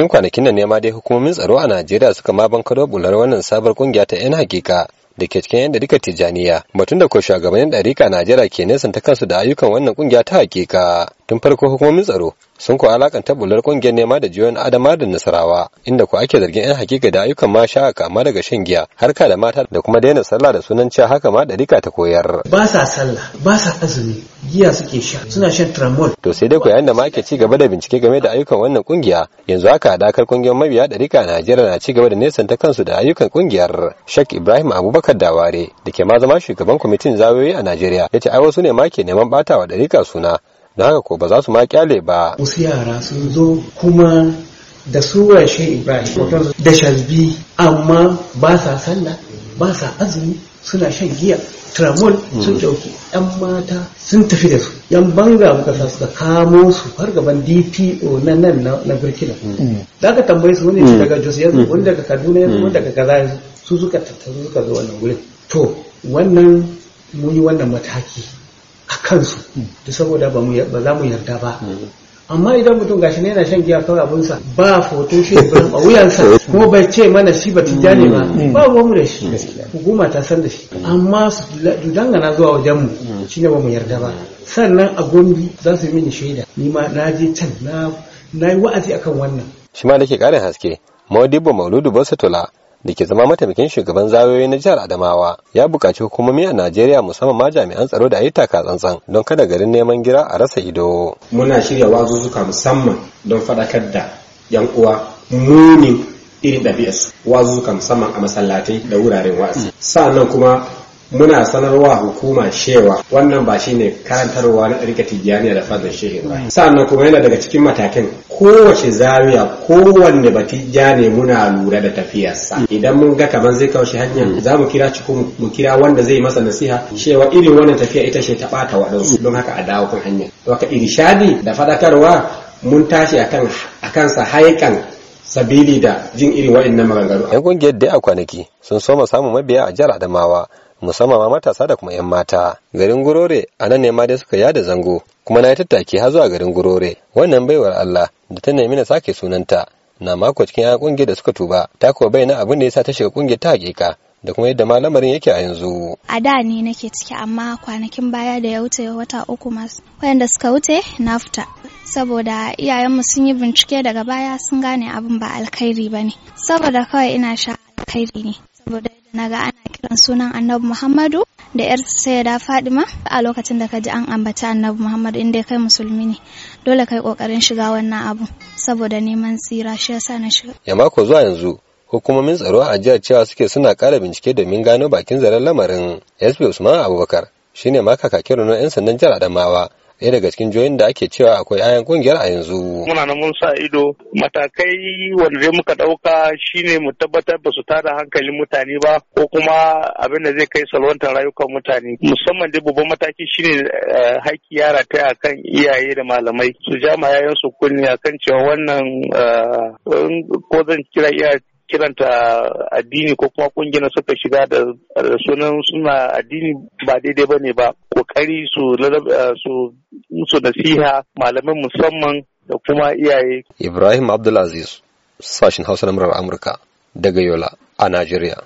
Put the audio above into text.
cikin kwanakin nan ne ma dai hukumomin tsaro a Najeriya suka ma bankaro bular wannan sabar kungiya ta 'yan hakika da ke cikin yadda duka Tijaniya batun da ko shugabannin ɗarika Najeriya ke ta kansu da ayyukan wannan kungiya ta hakika tun farko hukumomin tsaro sun ko alakanta bular kungiyar nema da jiyon adama da nasarawa inda ko ake zargin 'yan hakika da ayyukan ma sha kama daga shan giya harka da mata da kuma daina sallah da sunan cewa haka ma ɗarika ta koyar ba sa sallah ba sa azumi giya suke sha suna shan tramol to sai dai ku yayin da ma ake ci gaba da bincike game da ayyukan wannan kungiya yanzu haka dakar kungiyar mabiya ɗarika a Najeriya na ci gaba da ta kansu da ayyukan kungiyar Sheikh Ibrahim Abubakar Daware da ke ma zama shugaban kwamitin zawoyi a Najeriya yace ai wasu ne ma ke neman batawa ɗarika suna don haka ko ba za su ma kyale ba wasu yara sun zo kuma da suwa Sheikh Ibrahim da shazbi amma ba sa sallah ba sa azumi suna shan giya tramol sun dauki mm. yan mata sun tafi da su yan banga muka sa suka kamo su har gaban dpo na nan na burkina mm. da aka tambaye su wani mm. daga jos yanzu wani daga kaduna yanzu wani daga kaza yanzu su suka tattaru suka zo wannan wurin to wannan mun wannan mataki a kansu da saboda ba za mu yarda ba amma idan mutum gashi ne yana shan giya kawai abunsa ba foto shi a wuyansa kuma bai ce mana shi ba tijjani ba mm. ba ruwan mu da shi hukuma ta san da shi amma su dangana zuwa wajen mu mm. shine ba mu yarda ba sannan a gombi za su yi mini shaida ni ma na je can na yi wa'azi akan wannan shi ma da ke karin haske Maudibu Mauludu Basatola da ke zama mataimakin shugaban zawiyoyi na jihar Adamawa ya buƙaci hukumomi a Najeriya musamman ma jami'an tsaro da ayi taka tsantsan don kada garin neman gira a rasa ido. Muna shirya wazuzuka musamman don faɗakar da 'yan uwa munin irin ɗabi'arsu wazuzuka musamman a masallatai da wuraren wa'azi. Sa'annan kuma muna sanarwa hukuma shewa. wannan ba shine karantarwa na ɗarika tijjaniya da fadar shehu ba sannan kuma yana daga cikin matakin kowace zariya kowanne ba ne muna lura da tafiyarsa idan mun ga kamar zai kawo shi hanyar za mu kira ci mu kira wanda zai masa nasiha Shewa irin wannan tafiya ita ce ta ɓata waɗansu don haka a dawo kan hanyar to irshadi da faɗakarwa mun tashi akan akan sa haikan sabili da jin irin na maganganu. 'Yan kungiyar da a kwanaki sun soma samun mabiya a jihar Adamawa musamman ma matasa da kuma 'yan mata garin gurore a nan ne ma dai suka yada zango kuma na yi tattaki har zuwa garin gurore wannan baiwar Allah da ta nemi na sake sunanta na mako cikin 'yan kungiyar da suka tuba ta kuwa na abin da ya sa ta shiga kungiyar ta hakika da kuma yadda malamarin lamarin yake a yanzu. A da ni nake ciki amma kwanakin baya da ya wuce wata uku masu wayanda suka wuce na fita. Saboda iyayenmu sun yi bincike daga baya sun gane abin ba alkhairi ba ne. Saboda kawai ina sha alkhairi ne. Saboda na ga ana kiran sunan annabi muhammadu da yar sayyada fadima a lokacin da ka ji an ambaci annabi muhammadu inda kai musulmi ne dole kai kokarin shiga wannan abu saboda neman tsira shi yasa na shiga ya mako zuwa yanzu hukumomin tsaro a jiya cewa suke suna kara bincike domin gano bakin zaren lamarin sb usman abubakar shine ma kakakin na 'yan sandan jihar adamawa ɗaya daga cikin joyin da ake cewa akwai ayan kungiyar a yanzu. Muna na mun sa ido matakai wanda zai muka ɗauka shine mu tabbatar ba su tada hankalin mutane ba ko kuma abin da zai kai salwantar rayukan mutane. Musamman dai babban mataki shine eh, haƙƙi yara ta kan iyaye da malamai su ja ma yayan su kunni kan cewa wannan eh, ko zan kira iya kiranta addini ko kuma kungiyar suka shiga da sunan suna addini ba daidai ba ne ba kokari su eh, musu nasiha malamin musamman da kuma iyaye. Ibrahim Abdulaziz, sashen Hausa na Amurka daga Yola a Najeriya.